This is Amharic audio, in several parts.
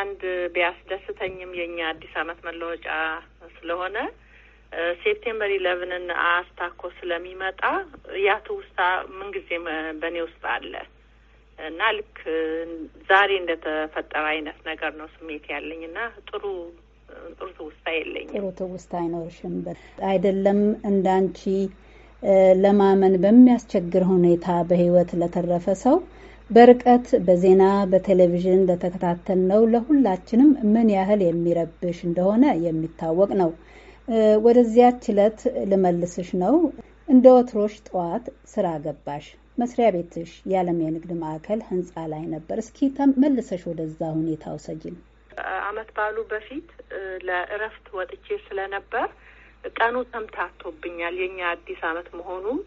አንድ ቢያስደስተኝም የእኛ አዲስ አመት መለወጫ ስለሆነ ሴፕቴምበር ኢለቭንን አስታኮ ስለሚመጣ ያ ትውስታ ምንጊዜ በእኔ ውስጥ አለ እና ልክ ዛሬ እንደተፈጠረ አይነት ነገር ነው ስሜት ያለኝ እና ጥሩ ጥሩ ትውስታ የለኝም። ጥሩ ትውስታ አይኖርሽም። አይደለም እንዳንቺ ለማመን በሚያስቸግር ሁኔታ በህይወት ለተረፈ ሰው በርቀት በዜና በቴሌቪዥን ነው ለሁላችንም ምን ያህል የሚረብሽ እንደሆነ የሚታወቅ ነው። ወደዚያች ዕለት ልመልስሽ ነው። እንደ ወትሮሽ ጠዋት ስራ ገባሽ። መስሪያ ቤትሽ የዓለም የንግድ ማዕከል ህንፃ ላይ ነበር። እስኪ መልሰሽ ወደዛ ሁኔታ ውሰጂን። አመት ባሉ በፊት ለእረፍት ወጥቼ ስለነበር ቀኑ ተምታቶብኛል። የኛ አዲስ አመት መሆኑም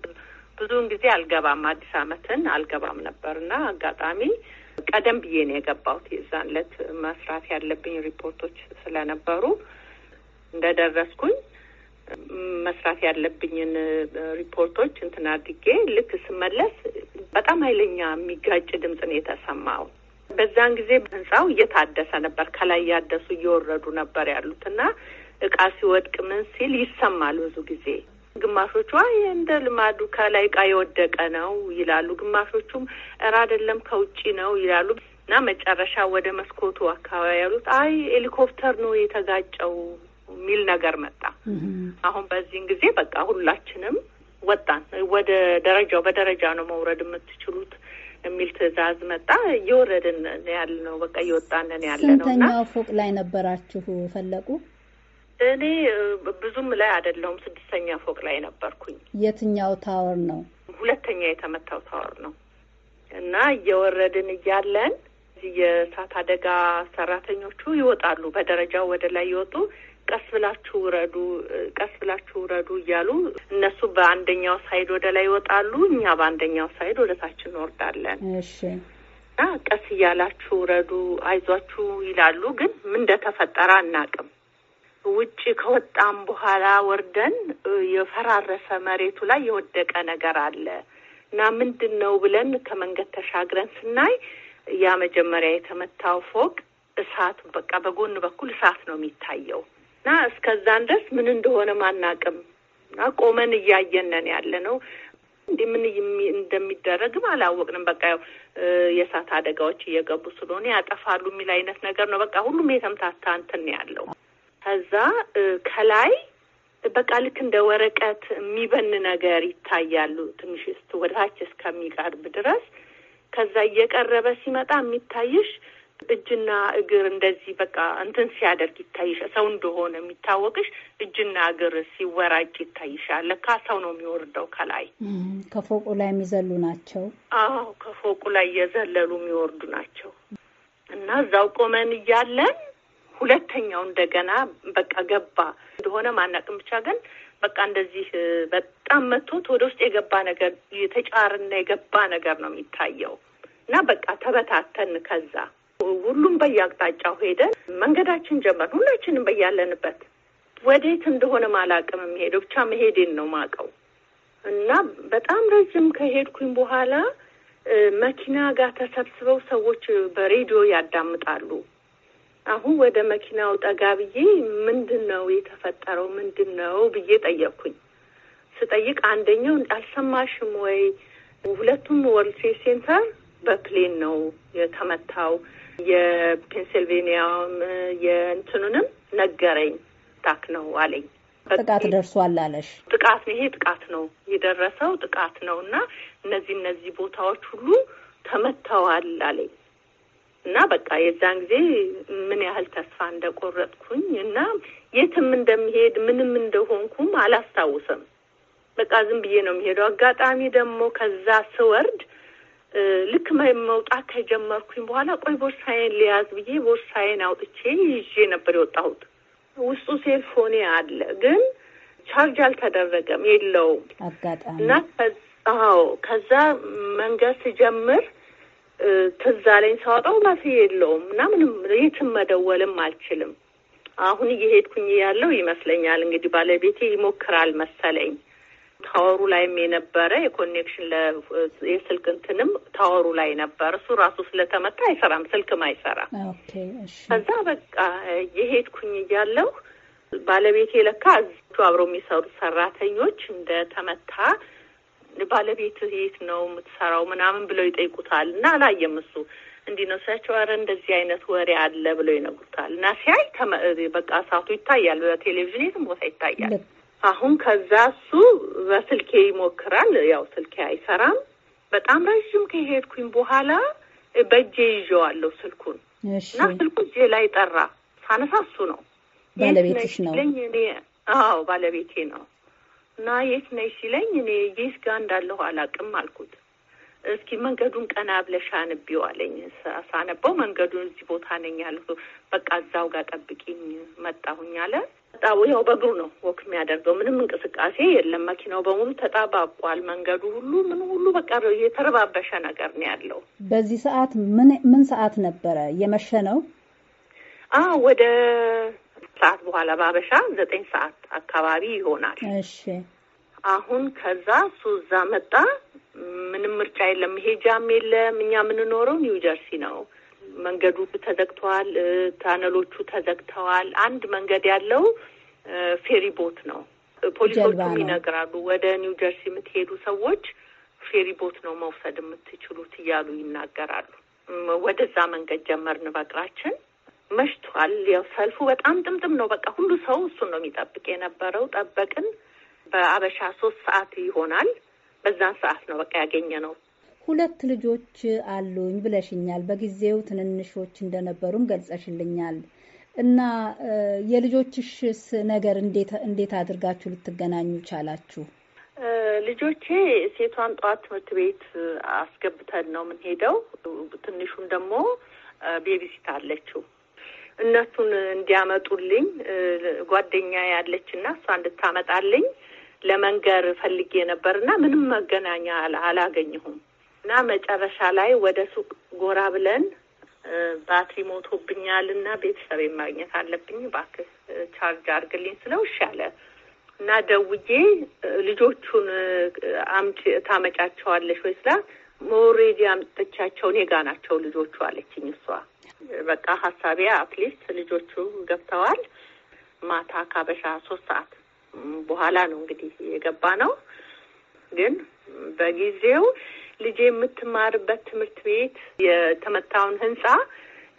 ብዙውን ጊዜ አልገባም፣ አዲስ አመትን አልገባም ነበር እና አጋጣሚ ቀደም ብዬ ነው የገባሁት። የዛን ዕለት መስራት ያለብኝ ሪፖርቶች ስለነበሩ እንደደረስኩኝ መስራት ያለብኝን ሪፖርቶች እንትን አድርጌ ልክ ስመለስ በጣም ኃይለኛ የሚጋጭ ድምፅ ነው የተሰማው። በዛን ጊዜ ህንፃው እየታደሰ ነበር። ከላይ ያደሱ እየወረዱ ነበር ያሉት እና እቃ ሲወድቅ ምን ሲል ይሰማል ብዙ ጊዜ ግማሾቹ አይ እንደ ልማዱ ከላይ እቃ የወደቀ ነው ይላሉ። ግማሾቹም እረ አይደለም ከውጭ ነው ይላሉ። እና መጨረሻ ወደ መስኮቱ አካባቢ ያሉት አይ ሄሊኮፕተር ነው የተጋጨው የሚል ነገር መጣ። አሁን በዚህን ጊዜ በቃ ሁላችንም ወጣን። ወደ ደረጃው በደረጃ ነው መውረድ የምትችሉት የሚል ትዕዛዝ መጣ። እየወረድን ያለ ነው በቃ እየወጣንን ያለ ነው። ስንተኛው ፎቅ ላይ ነበራችሁ ፈለቁ? እኔ ብዙም ላይ አይደለሁም። ስድስተኛ ፎቅ ላይ ነበርኩኝ። የትኛው ታወር ነው? ሁለተኛ የተመታው ታወር ነው። እና እየወረድን እያለን የእሳት አደጋ ሰራተኞቹ ይወጣሉ። በደረጃው ወደ ላይ ይወጡ፣ ቀስ ብላችሁ ውረዱ፣ ቀስ ብላችሁ ውረዱ እያሉ እነሱ በአንደኛው ሳይድ ወደ ላይ ይወጣሉ፣ እኛ በአንደኛው ሳይድ ወደ ታች እንወርዳለን። እሺ እና ቀስ እያላችሁ ውረዱ፣ አይዟችሁ ይላሉ። ግን ምን እንደተፈጠረ አናውቅም። ውጭ ከወጣም በኋላ ወርደን የፈራረሰ መሬቱ ላይ የወደቀ ነገር አለ እና ምንድን ነው ብለን ከመንገድ ተሻግረን ስናይ ያ መጀመሪያ የተመታው ፎቅ እሳት በቃ በጎን በኩል እሳት ነው የሚታየው እና እስከዛን ድረስ ምን እንደሆነ ማናቅም እና ቆመን እያየነን ያለ ነው እንዲህ ምን እንደሚደረግም አላወቅንም። በቃ ያው የእሳት አደጋዎች እየገቡ ስለሆነ ያጠፋሉ የሚል አይነት ነገር ነው። በቃ ሁሉም የተምታታ እንትን ያለው ከዛ ከላይ በቃ ልክ እንደ ወረቀት የሚበን ነገር ይታያሉ ትንሽ እስት ወደታች እስከሚቀርብ ድረስ። ከዛ እየቀረበ ሲመጣ የሚታይሽ እጅና እግር እንደዚህ በቃ እንትን ሲያደርግ ይታይሻ። ሰው እንደሆነ የሚታወቅሽ እጅና እግር ሲወራጭ ይታይሻል። ለካ ሰው ነው የሚወርደው ከላይ ከፎቁ ላይ የሚዘሉ ናቸው። አዎ ከፎቁ ላይ እየዘለሉ የሚወርዱ ናቸው። እና እዛው ቆመን እያለን ሁለተኛው እንደገና በቃ ገባ እንደሆነ ማናቅም ብቻ ግን በቃ እንደዚህ በጣም መቶት ወደ ውስጥ የገባ ነገር የተጫርና የገባ ነገር ነው የሚታየው እና በቃ ተበታተን ከዛ ሁሉም በየአቅጣጫው ሄደን መንገዳችን ጀመር። ሁላችንም በያለንበት ወዴት እንደሆነ ማላቅም የሚሄደው ብቻ መሄዴን ነው ማቀው እና በጣም ረዥም ከሄድኩኝ በኋላ መኪና ጋር ተሰብስበው ሰዎች በሬዲዮ ያዳምጣሉ። አሁን ወደ መኪናው ጠጋ ብዬ ምንድን ነው የተፈጠረው ምንድን ነው ብዬ ጠየቅኩኝ። ስጠይቅ አንደኛው አልሰማሽም ወይ ሁለቱም ወርልድ ትሬድ ሴንተር በፕሌን ነው የተመታው የፔንሲልቬኒያም የእንትኑንም ነገረኝ። ታክ ነው አለኝ። ጥቃት ደርሷል አለሽ። ጥቃት ነው ይሄ ጥቃት ነው የደረሰው ጥቃት ነው እና እነዚህ እነዚህ ቦታዎች ሁሉ ተመተዋል አለኝ። እና በቃ የዛን ጊዜ ምን ያህል ተስፋ እንደቆረጥኩኝ እና የትም እንደሚሄድ ምንም እንደሆንኩም አላስታውስም። በቃ ዝም ብዬ ነው የሚሄደው። አጋጣሚ ደግሞ ከዛ ስወርድ ልክ መውጣት ከጀመርኩኝ በኋላ ቆይ ቦርሳዬን ሊያዝ ብዬ ቦርሳዬን አውጥቼ ይዤ ነበር የወጣሁት። ውስጡ ሴልፎኔ አለ ግን ቻርጅ አልተደረገም የለውም። አጋጣሚ እና ከዛ መንገድ ስጀምር ትዝ አለኝ ሳወጣው ባሴ የለውም እና ምንም የትም መደወልም አልችልም። አሁን እየሄድኩኝ ያለው ይመስለኛል እንግዲህ ባለቤቴ ይሞክራል መሰለኝ። ታወሩ ላይም የነበረ የኮኔክሽን የስልክ እንትንም ታወሩ ላይ ነበር። እሱ ራሱ ስለተመታ አይሰራም፣ ስልክም አይሰራ። ከዛ በቃ የሄድኩኝ እያለሁ ባለቤቴ ለካ አብረው የሚሰሩ ሰራተኞች እንደተመታ ባለቤት የት ነው የምትሰራው ምናምን ብለው ይጠይቁታል። እና አላየም እሱ እንዲህ ነው ሲያቸው፣ ኧረ እንደዚህ አይነት ወሬ አለ ብለው ይነግሩታል። እና ሲያይ በቃ እሳቱ ይታያል። በቴሌቪዥን የትም ቦታ ይታያል። አሁን ከዛ እሱ በስልኬ ይሞክራል። ያው ስልኬ አይሰራም። በጣም ረዥም ከሄድኩኝ በኋላ በእጄ ይዤዋለሁ ስልኩን እና ስልኩ እጄ ላይ ጠራ። ሳነሳ እሱ ነው ባለቤትሽ ነው። አዎ ባለቤቴ ነው እና የት ነሽ ሲለኝ እኔ የት ጋር እንዳለሁ አላውቅም አልኩት። እስኪ መንገዱን ቀና ብለሽ አንቢው አለኝ። ሳነበው መንገዱን እዚህ ቦታ ነኝ ያለሁ በቃ እዛው ጋር ጠብቂኝ መጣሁኝ አለ። ጣቡ ያው በእግሩ ነው ወክ የሚያደርገው ምንም እንቅስቃሴ የለም። መኪናው በሙሉ ተጣባቋል። መንገዱ ሁሉ ምን ሁሉ በቃ የተረባበሸ ነገር ነው ያለው። በዚህ ሰዓት ምን ምን ሰዓት ነበረ የመሸ ነው? አዎ ወደ ሰዓት በኋላ ባበሻ ዘጠኝ ሰዓት አካባቢ ይሆናል። እሺ አሁን ከዛ እሱ እዛ መጣ። ምንም ምርጫ የለም፣ ሄጃም የለም። እኛ የምንኖረው ኒውጀርሲ ነው። መንገዱ ተዘግተዋል፣ ታነሎቹ ተዘግተዋል። አንድ መንገድ ያለው ፌሪ ቦት ነው። ፖሊሶቹም ይነግራሉ፣ ወደ ኒውጀርሲ የምትሄዱ ሰዎች ፌሪ ቦት ነው መውሰድ የምትችሉት እያሉ ይናገራሉ። ወደዛ መንገድ ጀመርን በእግራችን መሽቷል። ያው ሰልፉ በጣም ጥምጥም ነው። በቃ ሁሉ ሰው እሱን ነው የሚጠብቅ የነበረው። ጠበቅን። በአበሻ ሶስት ሰዓት ይሆናል። በዛን ሰዓት ነው በቃ ያገኘ ነው። ሁለት ልጆች አሉኝ ብለሽኛል። በጊዜው ትንንሾች እንደነበሩም ገልጸሽልኛል። እና የልጆችሽስ ነገር እንዴት አድርጋችሁ ልትገናኙ ቻላችሁ? ልጆቼ ሴቷን ጠዋት ትምህርት ቤት አስገብተን ነው የምንሄደው። ትንሹም ደግሞ ቤቢሲት አለችው እነሱን እንዲያመጡልኝ ጓደኛ ያለች እና እሷ እንድታመጣልኝ ለመንገር ፈልጌ ነበር እና ምንም መገናኛ አላገኘሁም እና መጨረሻ ላይ ወደ ሱቅ ጎራ ብለን ባትሪ ሞቶብኛል እና ቤተሰብ ማግኘት አለብኝ እባክህ ቻርጅ አድርግልኝ ስለው እሺ አለ እና ደውዬ ልጆቹን አምጪ ታመጫቸዋለሽ ወይ ስላት ሞሬዲ አምጥቻቸው እኔ ጋ ናቸው ልጆቹ አለችኝ እሷ በቃ ሀሳቤ አትሊስት ልጆቹ ገብተዋል። ማታ ካበሻ ሶስት ሰዓት በኋላ ነው እንግዲህ የገባ ነው። ግን በጊዜው ልጄ የምትማርበት ትምህርት ቤት የተመታውን ህንጻ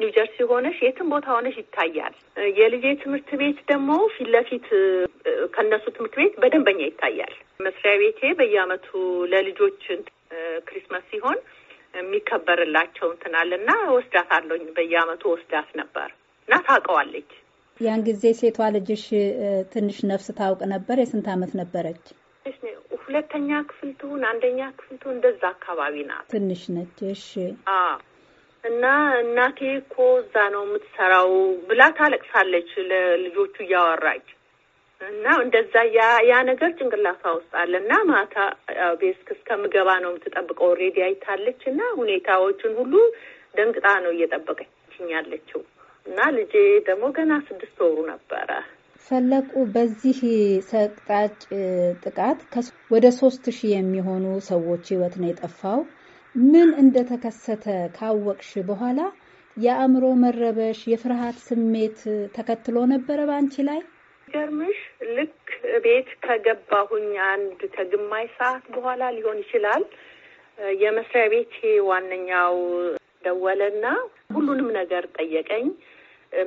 ኒውጀርሲ ሆነሽ የትም ቦታ ሆነሽ ይታያል። የልጄ ትምህርት ቤት ደግሞ ፊት ለፊት ከነሱ ትምህርት ቤት በደንበኛ ይታያል። መስሪያ ቤቴ በየአመቱ ለልጆች ክሪስማስ ሲሆን የሚከበርላቸው እንትን ወስዳት አለኝ በየአመቱ ወስዳት ነበር እና ታውቀዋለች። ያን ጊዜ ሴቷ ልጅሽ ትንሽ ነፍስ ታውቅ ነበር? የስንት አመት ነበረች? ሁለተኛ ክፍል ትሁን አንደኛ ክፍል ትሁን እንደዛ አካባቢ ናት። ትንሽ ነች። እሺ። እና እናቴ እኮ እዛ ነው የምትሰራው ብላ ታለቅሳለች ለልጆቹ እያወራች እና እንደዛ ያ ነገር ጭንቅላቷ ውስጥ አለ እና ማታ ቤስክ እስከምገባ ነው የምትጠብቀው። ኦልሬዲ አይታለች እና ሁኔታዎችን ሁሉ ደንግጣ ነው እየጠበቀችኝ ያለችው እና ልጄ ደግሞ ገና ስድስት ወሩ ነበረ። ፈለቁ በዚህ ሰቅጣጭ ጥቃት ወደ ሶስት ሺህ የሚሆኑ ሰዎች ህይወት ነው የጠፋው። ምን እንደተከሰተ ካወቅሽ በኋላ የአእምሮ መረበሽ፣ የፍርሃት ስሜት ተከትሎ ነበረ በአንቺ ላይ? ገርምሽ ልክ ቤት ከገባሁኝ አንድ ከግማሽ ሰዓት በኋላ ሊሆን ይችላል የመስሪያ ቤት ዋነኛው ደወለና ሁሉንም ነገር ጠየቀኝ።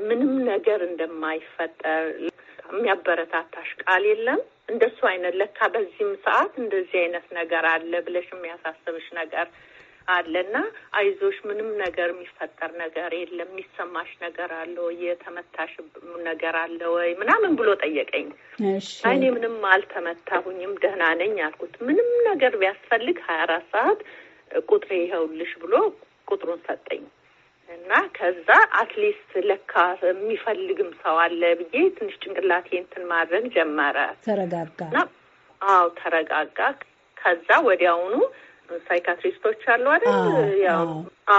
ምንም ነገር እንደማይፈጠር የሚያበረታታሽ ቃል የለም። እንደሱ አይነት ለካ በዚህም ሰዓት እንደዚህ አይነት ነገር አለ ብለሽ የሚያሳስብሽ ነገር አለና አይዞሽ፣ ምንም ነገር የሚፈጠር ነገር የለም፣ የሚሰማሽ ነገር አለ ወይ፣ የተመታሽ ነገር አለ ወይ ምናምን ብሎ ጠየቀኝ። እኔ ምንም አልተመታሁኝም፣ ደህና ነኝ አልኩት። ምንም ነገር ቢያስፈልግ ሀያ አራት ሰዓት ቁጥሬ ይኸውልሽ ብሎ ቁጥሩን ሰጠኝ። እና ከዛ አትሊስት ለካ የሚፈልግም ሰው አለ ብዬ ትንሽ ጭንቅላቴ እንትን ማድረግ ጀመረ። ተረጋጋ። አዎ ተረጋጋ። ከዛ ወዲያውኑ ሳይካትሪስቶች አሉ አይደል? ያው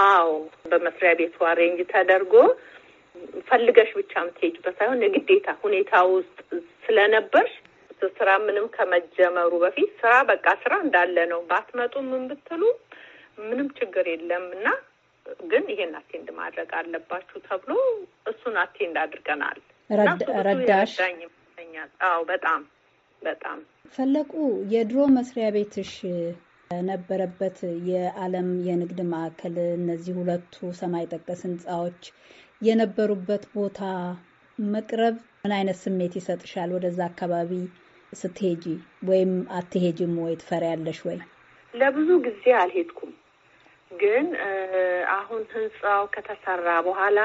አዎ፣ በመስሪያ ቤቱ አሬንጅ ተደርጎ ፈልገሽ ብቻ የምትሄጂበት ሳይሆን የግዴታ ሁኔታ ውስጥ ስለነበርሽ ስራ ምንም ከመጀመሩ በፊት ስራ በቃ ስራ እንዳለ ነው። ባትመጡ ምን ብትሉ ምንም ችግር የለም እና ግን ይሄን አቴንድ ማድረግ አለባችሁ ተብሎ እሱን አቴንድ አድርገናል። ረዳሽ አዎ፣ በጣም በጣም ፈለቁ የድሮ መስሪያ ቤትሽ ነበረበት የዓለም የንግድ ማዕከል እነዚህ ሁለቱ ሰማይ ጠቀስ ህንፃዎች የነበሩበት ቦታ መቅረብ ምን አይነት ስሜት ይሰጥሻል? ወደዛ አካባቢ ስትሄጂ ወይም አትሄጂም ወይ ትፈሪያለሽ ወይ? ለብዙ ጊዜ አልሄድኩም፣ ግን አሁን ህንፃው ከተሰራ በኋላ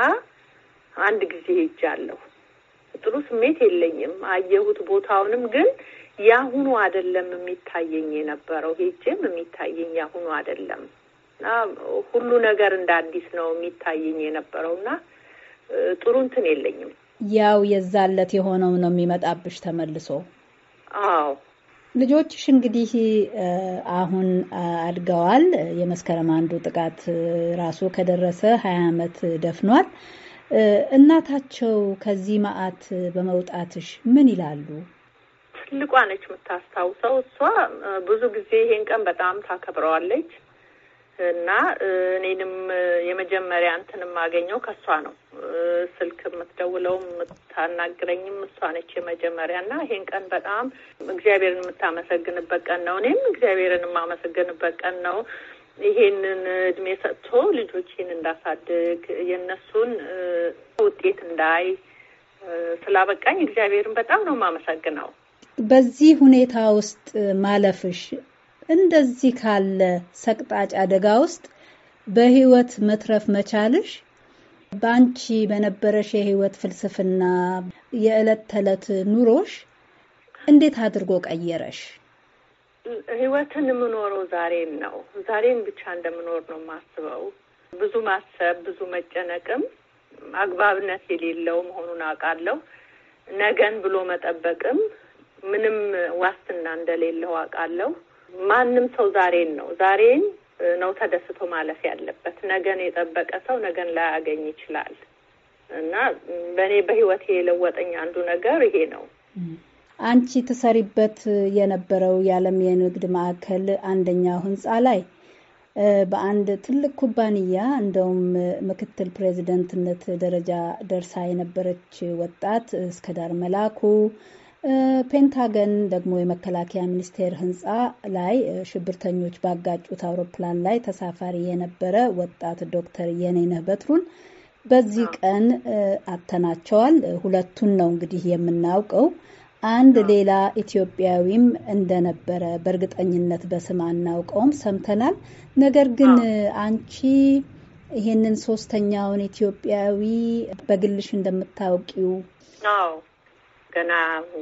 አንድ ጊዜ ሄጃለሁ። ጥሩ ስሜት የለኝም። አየሁት ቦታውንም ግን ያሁኑ አይደለም የሚታየኝ የነበረው ሄጄም የሚታየኝ ያሁኑ አይደለም እና ሁሉ ነገር እንደ አዲስ ነው የሚታየኝ የነበረው እና ጥሩ እንትን የለኝም። ያው የዛለት የሆነው ነው የሚመጣብሽ ተመልሶ። አዎ ልጆችሽ እንግዲህ አሁን አድገዋል። የመስከረም አንዱ ጥቃት ራሱ ከደረሰ ሀያ አመት ደፍኗል። እናታቸው ከዚህ መዓት በመውጣትሽ ምን ይላሉ? ትልቋ ነች የምታስታውሰው። እሷ ብዙ ጊዜ ይሄን ቀን በጣም ታከብረዋለች እና እኔንም የመጀመሪያ እንትን የማገኘው ከእሷ ነው። ስልክ የምትደውለው የምታናግረኝም እሷ ነች የመጀመሪያ እና ይሄን ቀን በጣም እግዚአብሔርን የምታመሰግንበት ቀን ነው። እኔም እግዚአብሔርን የማመሰግንበት ቀን ነው። ይሄንን እድሜ ሰጥቶ ልጆቼን እንዳሳድግ የእነሱን ውጤት እንዳይ ስላበቃኝ እግዚአብሔርን በጣም ነው የማመሰግነው። በዚህ ሁኔታ ውስጥ ማለፍሽ እንደዚህ ካለ ሰቅጣጭ አደጋ ውስጥ በህይወት መትረፍ መቻልሽ በአንቺ በነበረሽ የህይወት ፍልስፍና የዕለት ተዕለት ኑሮሽ እንዴት አድርጎ ቀየረሽ? ህይወትን የምኖረው ዛሬን ነው። ዛሬን ብቻ እንደምኖር ነው የማስበው። ብዙ ማሰብ ብዙ መጨነቅም አግባብነት የሌለው መሆኑን አውቃለሁ። ነገን ብሎ መጠበቅም ምንም ዋስትና እንደሌለው አውቃለሁ። ማንም ሰው ዛሬን ነው ዛሬን ነው ተደስቶ ማለፍ ያለበት። ነገን የጠበቀ ሰው ነገን ላያገኝ ይችላል እና በእኔ በህይወት የለወጠኝ አንዱ ነገር ይሄ ነው። አንቺ ትሰሪበት የነበረው የዓለም የንግድ ማዕከል አንደኛው ህንፃ ላይ በአንድ ትልቅ ኩባንያ እንደውም ምክትል ፕሬዚደንትነት ደረጃ ደርሳ የነበረች ወጣት እስከ ዳር መላኩ ፔንታገን ደግሞ የመከላከያ ሚኒስቴር ህንፃ ላይ ሽብርተኞች ባጋጩት አውሮፕላን ላይ ተሳፋሪ የነበረ ወጣት ዶክተር የኔነህ በትሩን በዚህ ቀን አተናቸዋል። ሁለቱን ነው እንግዲህ የምናውቀው። አንድ ሌላ ኢትዮጵያዊም እንደነበረ በእርግጠኝነት በስም አናውቀውም፣ ሰምተናል። ነገር ግን አንቺ ይሄንን ሶስተኛውን ኢትዮጵያዊ በግልሽ እንደምታውቂው ገና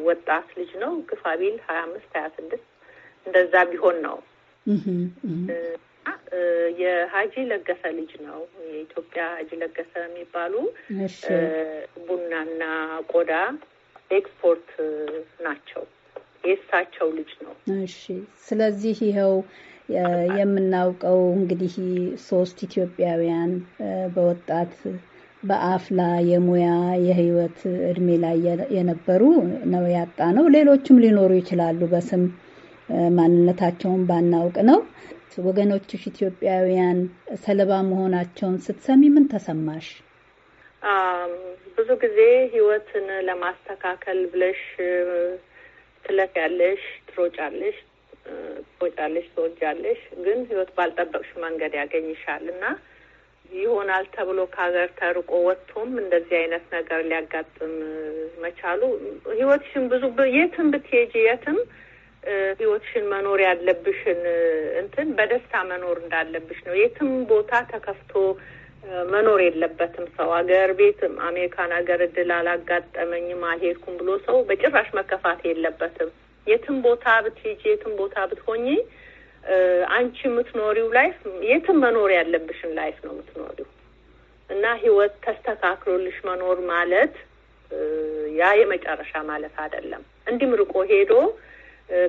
ወጣት ልጅ ነው። ግፋ ቢል ሀያ አምስት ሀያ ስድስት እንደዛ ቢሆን ነው። የሀጂ ለገሰ ልጅ ነው። የኢትዮጵያ ሀጂ ለገሰ የሚባሉ ቡናና ቆዳ ኤክስፖርት ናቸው። የእሳቸው ልጅ ነው። እሺ። ስለዚህ ይኸው የምናውቀው እንግዲህ ሶስት ኢትዮጵያውያን በወጣት በአፍላ የሙያ የህይወት እድሜ ላይ የነበሩ ነው ያጣ ነው። ሌሎችም ሊኖሩ ይችላሉ። በስም ማንነታቸውን ባናውቅ ነው። ወገኖችሽ ኢትዮጵያውያን ሰለባ መሆናቸውን ስትሰሚ ምን ተሰማሽ? ብዙ ጊዜ ህይወትን ለማስተካከል ብለሽ ትለፊያለሽ፣ ትሮጫለሽ፣ ትሮጫለሽ፣ ትወጃለሽ። ግን ህይወት ባልጠበቅሽ መንገድ ያገኝሻል እና ይሆናል ተብሎ ከሀገር ተርቆ ወጥቶም እንደዚህ አይነት ነገር ሊያጋጥም መቻሉ ህይወትሽን ብዙ የትም ብትሄጂ የትም ህይወትሽን መኖር ያለብሽን እንትን በደስታ መኖር እንዳለብሽ ነው። የትም ቦታ ተከፍቶ መኖር የለበትም ሰው። ሀገር ቤትም አሜሪካን ሀገር እድል አላጋጠመኝም አልሄድኩም ብሎ ሰው በጭራሽ መከፋት የለበትም። የትም ቦታ ብትሄጂ፣ የትም ቦታ ብትሆኚ አንቺ የምትኖሪው ላይፍ የትም መኖር ያለብሽን ላይፍ ነው የምትኖሪው እና ህይወት ተስተካክሎልሽ መኖር ማለት ያ የመጨረሻ ማለት አይደለም። እንዲም ርቆ ሄዶ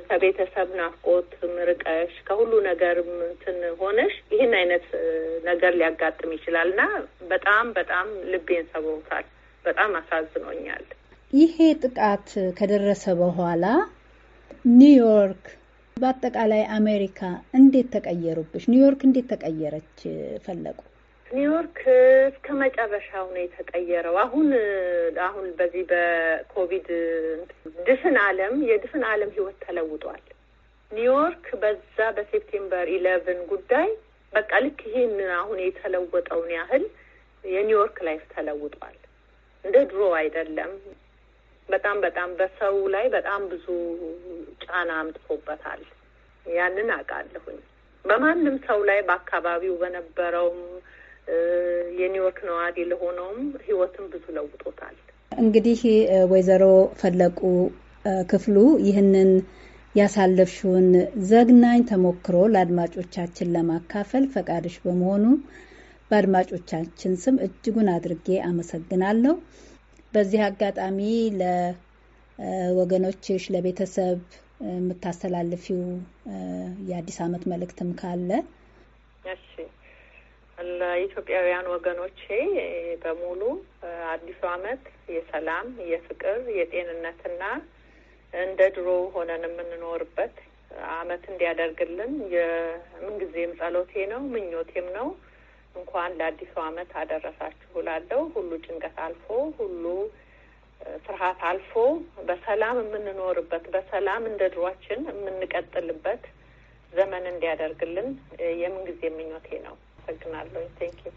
ከቤተሰብ ናፍቆት ምርቀሽ ከሁሉ ነገር እንትን ሆነሽ ይህን አይነት ነገር ሊያጋጥም ይችላል እና በጣም በጣም ልቤን ሰብሮታል። በጣም አሳዝኖኛል። ይሄ ጥቃት ከደረሰ በኋላ ኒውዮርክ በአጠቃላይ አሜሪካ እንዴት ተቀየሩብሽ? ኒውዮርክ እንዴት ተቀየረች? ፈለቁ ኒውዮርክ እስከ መጨረሻው ነው የተቀየረው። አሁን አሁን በዚህ በኮቪድ ድፍን ዓለም የድፍን ዓለም ህይወት ተለውጧል። ኒውዮርክ በዛ በሴፕቴምበር ኢለቭን ጉዳይ በቃ ልክ ይህን አሁን የተለወጠውን ያህል የኒውዮርክ ላይፍ ተለውጧል። እንደ ድሮ አይደለም። በጣም በጣም በሰው ላይ በጣም ብዙ ጫና አምጥፎበታል። ያንን አውቃለሁኝ። በማንም ሰው ላይ በአካባቢው በነበረውም የኒውዮርክ ነዋሪ ለሆነውም ህይወትን ብዙ ለውጦታል። እንግዲህ ወይዘሮ ፈለቁ ክፍሉ ይህንን ያሳለፍሽውን ዘግናኝ ተሞክሮ ለአድማጮቻችን ለማካፈል ፈቃድሽ በመሆኑ በአድማጮቻችን ስም እጅጉን አድርጌ አመሰግናለሁ። በዚህ አጋጣሚ ለወገኖችሽ፣ ለቤተሰብ የምታስተላልፊው የአዲስ አመት መልእክትም ካለ? እሺ ለኢትዮጵያውያን ወገኖቼ በሙሉ አዲሱ አመት የሰላም፣ የፍቅር፣ የጤንነትና እንደ ድሮ ሆነን የምንኖርበት አመት እንዲያደርግልን የምንጊዜም ጸሎቴ ነው ምኞቴም ነው። እንኳን ለአዲሱ ዓመት አደረሳችሁ ላለው ሁሉ ጭንቀት አልፎ ሁሉ ፍርሃት አልፎ በሰላም የምንኖርበት በሰላም እንደ ድሯችን የምንቀጥልበት ዘመን እንዲያደርግልን የምንጊዜ ምኞቴ ነው። አመሰግናለሁ። ቴንኪው